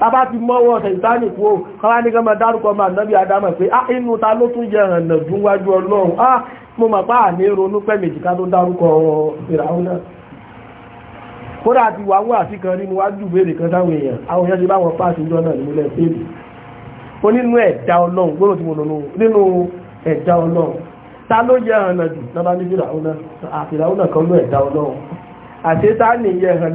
[SPEAKER 1] bàbá ti mọ́wọ́ ṣẹ̀tánì kú o kọ́wá ní kọ́mọ dárúkọ máa nọ́bí adámọ̀ pé á ah, inú ta ló tún yẹ hàn nàdún wájú ọlọ́run á ah, mo mọ̀ pá àní ronú pẹ́ méjì ká tó dárúkọ ìràwọ̀ náà kódà ti wà wọ́n àti kan nínú wájú ìbéèrè kan táwọn èèyàn àwọn èèyàn ti bá wọn pàṣẹ ìjọ náà nílẹ̀ pébì ó nínú ẹ̀dá ọlọ́run gbọ́dọ̀ tí mo lọ nínú ẹ̀dá ọlọ́run ta ló yẹ hàn nàdù náà bá ní fìràwọ̀ náà àfìràwọ̀ náà kan ló ẹ̀dá ọlọ́run àṣetánì yẹ hàn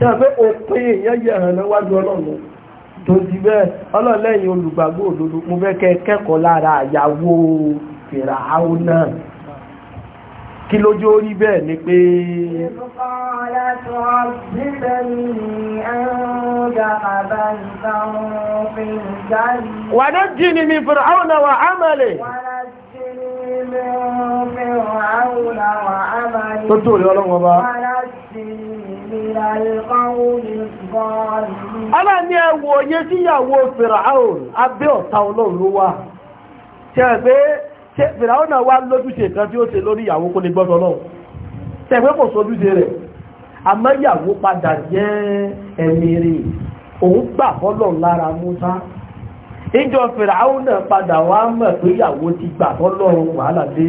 [SPEAKER 1] tẹ́ẹ̀fẹ́ òpin èèyàn yẹ hàn níwájú ọlọ́run tó di bẹ́ẹ̀ ọlọ́lẹ́yìn olùgbàgbọ́ òdodo mo fẹ́ kẹ́ kẹ́kọ̀ọ́ lára àyàwó fìràáwó náà kí lójú orí bẹ́ẹ̀ ni pé
[SPEAKER 2] wà ní jí ni mi fìràáwó náà wà ámàlè tó tó rí ọlọ́run
[SPEAKER 1] ọlá ní ẹwọ oyé síyàwó fìràún abẹ́ ọ̀tá ọlọ́run ló wà fìràún náà wá lójúṣe kan tí ó ṣe lórí ìyàwó kó lè gbọ́dọ̀ lọ́wọ́ tẹ́ẹ̀fẹ́ kò sójúṣe rẹ̀ àmọ́ ìyàwó padà jẹ́ ẹ̀mí rí òun gbà bọ́lọ̀ lára ìjọ fìràún náà padà wá mọ̀ pé ìyàwó ti gbà bọ́lọ̀ wàhálà dé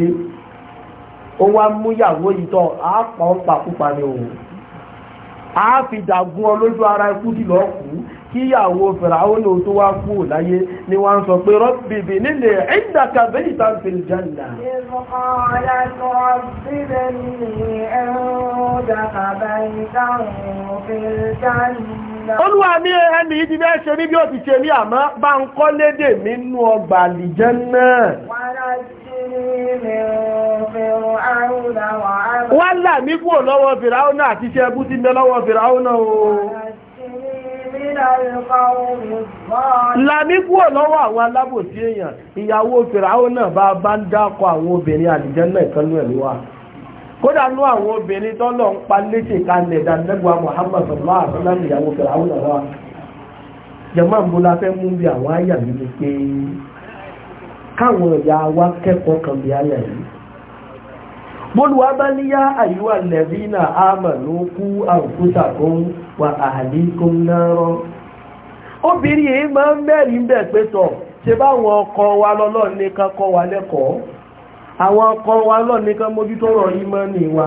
[SPEAKER 1] ó wá mú ìyàwó a fi dàgún ọ ara ikú dìlọ kú kíyàwó fìràwọ́nà tó wá kú láyé ni wọ́n sọ pé rọ́bìbì nílé ìdàkà bẹ́yì tán fi jẹ́nà olúwa ní ẹni yìí ti bẹ́ ní bí ó ti ṣe ní àmọ́ bá ń kọ́ lédè nínú ọgbà àlìjẹ́ náà wọ́n là mí kúrò lọ́wọ́ fìràúnà àti iṣẹ́ ẹbú ti ń bẹ lọ́wọ́ fìràúnà o là mí kúrò lọ́wọ́ àwọn alábòsí èèyàn ìyàwó fìràúnà bá bá ń dákọ àwọn obìnrin àlìjẹ́nà ìkanú ẹ̀lú wa kódà ní àwọn obìnrin tọ́lọ̀ ń pa léṣe kalẹ̀ ìdánilẹ́gbà Muhammad sallallahu alaihi wasallam káwọn ìyá wa kẹ́kọ̀ọ́ kan bí ayà yìí bólúwá bá ní yá àyíwá lẹ́bínà àmàlú kú àrùkúsàkún wà àhàlíkún náírọ́ obìnrin yìí máa ń mẹ́rin bẹ̀ pé ṣe báwọn ọkọ wa lọ́lọ́ nìkan kọ́ wa lẹ́kọ̀ọ́ àwọn ọkọ wa lọ́nìkan mójútó rọ̀ wa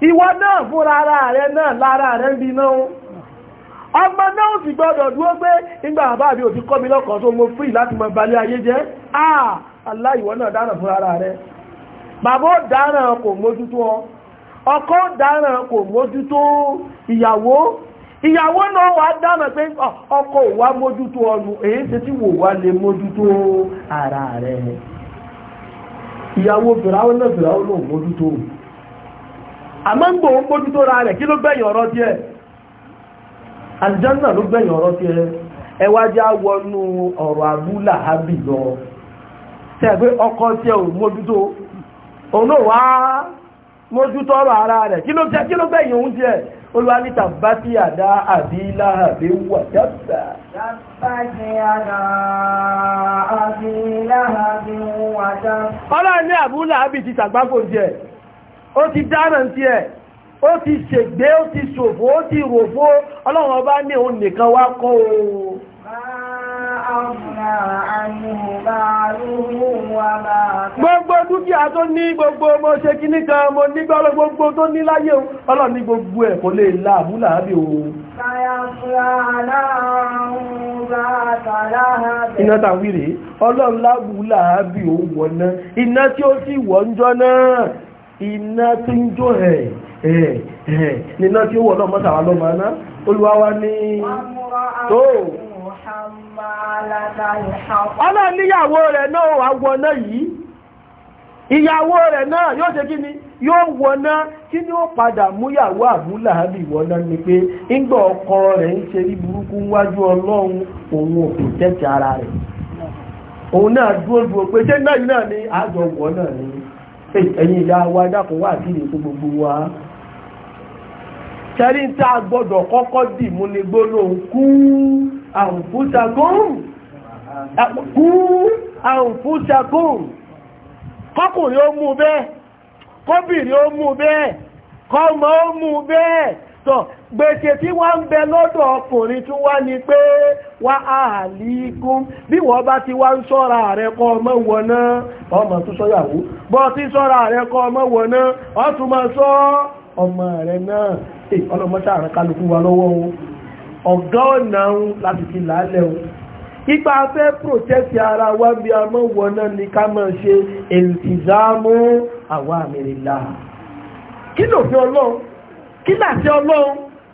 [SPEAKER 1] ìwọ náà fún ara rẹ náà lára rẹ ń bi náà ọmọ náà sì gbọ́dọ̀ dúró pé nígbà bàbá mi ò fi kọ́ mi lọ́kọ̀ọ́ tó mo free láti mọ balẹ̀ ayé jẹ́ ah Allah ìwọ náà dáràn fún ara rẹ bàbá ó dáràn kò mójútó ọ ọkọ dáràn kò mójútó ìyàwó ìyàwó náà wà dámà pé ọkọ òwà mójútó ọdún èyí tẹ́ tí wò wá lè mójútó ara rẹ̀ àmọ́ ń gbòó mójú tó ra rẹ̀ kí ló gbẹ̀yìn ọ̀rọ̀ tí ẹ aljanna ló gbẹ̀yìn ọ̀rọ̀ tí ẹ ẹwájá wọnú ọ̀rọ̀ abúlà hábì lọ tẹ́gbẹ́ ọkọ tí ẹ ò mójú tó òun náà wá mójú tó ọ̀rọ̀ ara rẹ̀ kí ló gbẹ̀yìn òun tí ẹ olùwàlítà bá tí àdá àbí láàbí wà ó ti dáràn tí ẹ̀ ó ti ṣègbé ó ti ṣòfò ó ti ròfó ọlọ́run ọba ní òun nìkan wá kọ́ ooo gbogbo dúkìá tó ní gbogbo mo ṣe kí níkan mo nígbà ọlọ́gbogbo tó ní láyé ọlọ́run ní gbogbo ẹ̀ kò lè láàbú láàbí ooo iná tàwírè ọlọ́run láàbú láàbí ooo wọ̀ná iná tí ó sì wọ́njọ́ náà iná tí ń jó ẹ̀ ẹ̀ ẹ̀ níná tí ó wọ̀ náà mọ́tàwá lọ́mọ aná wa ní tó ọlọ́run níyàwó rẹ̀ náà wà wọná yìí ìyàwó rẹ̀ náà yóò ṣe kí ni yóò wọná kí ni ó padà múyàwó ni pé ńgbà ọkọ rẹ̀ ń ṣe rí burúkú wájú ọlọ́run òun ara rẹ̀ òun náà pé náà àjọ ni ẹ̀yin ìyá wa dákun wà sí ìrètò gbogbo wa tẹ́rí tá a gbọ́dọ̀ kọ́kọ́ dì mú ní gbólóhùn kú àǹfúsàkóhùn kú àǹfúsàkóhùn kọkùnrin ó mú bẹ́ẹ̀ kóbìnrin ó mú bẹ́ẹ̀ kọ́mọ ó mú bẹ́ẹ̀ tọ́ gbèsè tí wọ́n ń bẹ lọ́dọ̀ ọkùnrin tún wá ní pé wá àlìkún bí wọ́n bá ti wá ń ṣọ́ra rẹ̀ kọ́ ọmọ wọn náà ọmọ tún sọ́yàwó bọ́ ti ṣọ́ra rẹ̀ kọ́ ọmọ wọn náà ó tún ọmọ rẹ̀ náà ọlọ́mọṣà rẹ̀ fi làálẹ̀ ipa fẹ́ protect ara wa bí a ni ká máa ṣe ìltìzámú àwọn àmìrìlá kí lòfin ọlọ́run ọlọ́run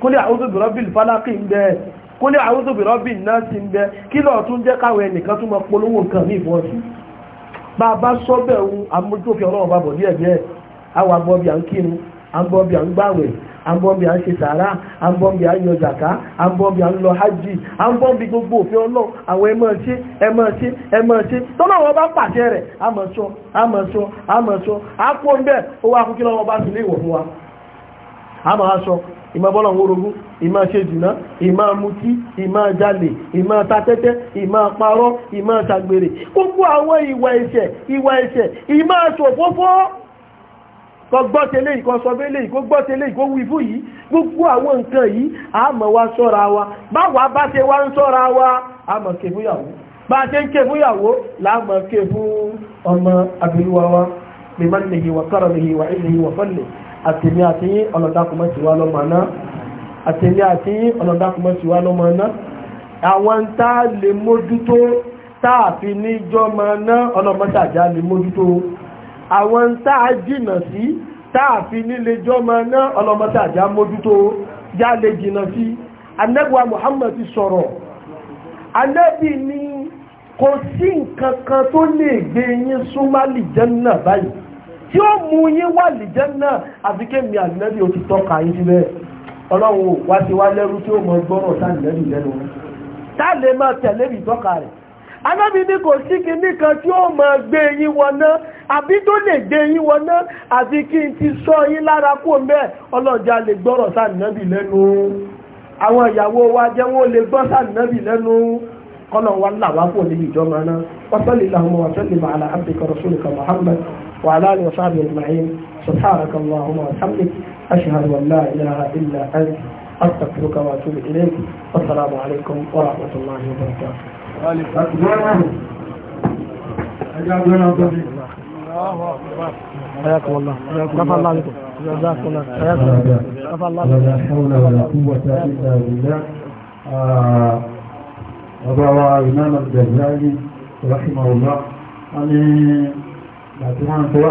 [SPEAKER 1] kúlẹ̀ àwúzù bi rabbil falákì ń bẹ kúlẹ̀ àwúzù bi rabbin náà ti ń bẹ kí lọ́ọ̀ tún jẹ́ káwọn ẹnìkan tún polówó nǹkan ní bá a bá sọ bẹ́ẹ̀ wu amójútófin ọlọ́run bá bọ̀ díẹ̀ díẹ̀ àwọn agbọ́bí à ń kírun agbọ́bí à ń gbàwẹ̀ agbọ́bí à ń ṣe sàárà agbọ́bí à ń yọ jàká agbọ́bí gbogbo òfin ọlọ́run àwọn ẹ máa ṣe ẹ máa ṣe ẹ máa ṣe tọ́lá wọn bá pàṣẹ rẹ̀ sọ àpò ń ìmọ̀ bọ́lọ̀ orogún ìmọ̀ ṣe jùná ìmọ̀ mutí ìmọ̀ jalè ìmọ̀ tatẹ́tẹ́ ìmọ̀ parọ́ ìmọ̀ ṣàgbèrè gbogbo àwọn ìwà ẹ̀ṣẹ̀ ìwà ẹ̀ṣẹ̀ ìmọ̀ ṣòfófó kọ gbọ́tẹ̀lé ìkọ sọbélé ìkọ gbọ́tẹ̀lé ìkọ wífú yìí gbogbo àwọn nǹkan yìí a mọ̀ wá ṣọ́ra wa báwa bá ṣe wá ń ṣọ́ra wa a mọ̀ ké fúyàwó bá ṣe ń ké fúyàwó láàmọ̀ ké fún ọmọ abìlúwa wa mímọ́ nìyí wà kọ́rọ̀ nìyí wà ilẹ̀ yìí wà fọ́lẹ̀ àtẹ̀mí àti ọlọ́dàkùnmọ́ ti wá lọ́mọ náà àtẹ̀mí àti ọlọ́dàkùnmọ́ ti wá lọ́mọ náà àwọn tá a lè mójútó tá a fi níjọ́ mọ náà ọlọ́mọ́sàjá lè mójútó àwọn tá a jìnà sí tá a fi nílé jọ́ mọ náà ọlọ́mọ́sàjá mójútó já lè jìnà sí anẹ́gbà Muhammad sọ̀rọ̀ anẹ́bì ni kò sí nǹkan kan tó lè gbé yín súnmọ́ àlìjánnà báyìí tí ó mú yí wà jẹ́ náà àti mi àdínẹ́bí ó ti tọ́ka yín síbẹ̀ ọlọ́run wá sí wá lẹ́rú tí ó mọ gbọ́rọ̀ sáàdínẹ́bí lẹ́nu táàlè máa tẹ̀lé tọ́ka rẹ̀ anábì ní kò sí kinní tí ó máa gbé wọná àbí tó lè gbé wọná kí ti sọ lára kó mẹ́ ọlọ́jà lè gbọ́rọ̀ lẹ́nu àwọn ìyàwó wa jẹ́ wọ́n lè gbọ́ lẹ́nu wa níbi ìjọba náà wọ́n sọ́lé làwọn sọ́lé màálà وعلى آله وصحبه أجمعين سبحانك اللهم وبحمدك أشهد أن لا إله إلا أنت أستغفرك وأتوب إليك والسلام عليكم ورحمة الله وبركاته. حياكم الله كفى الله بكم جزاكم الله حياكم الله كفى الله بكم ولا حول ولا قوة إلا بالله روى آه، الامام الجزائري رحمه الله
[SPEAKER 2] أن láti wọ́n tó wà